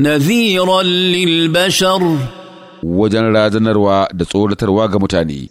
نذيرا للبشر وجن رازنر و دصولتر واغ متاني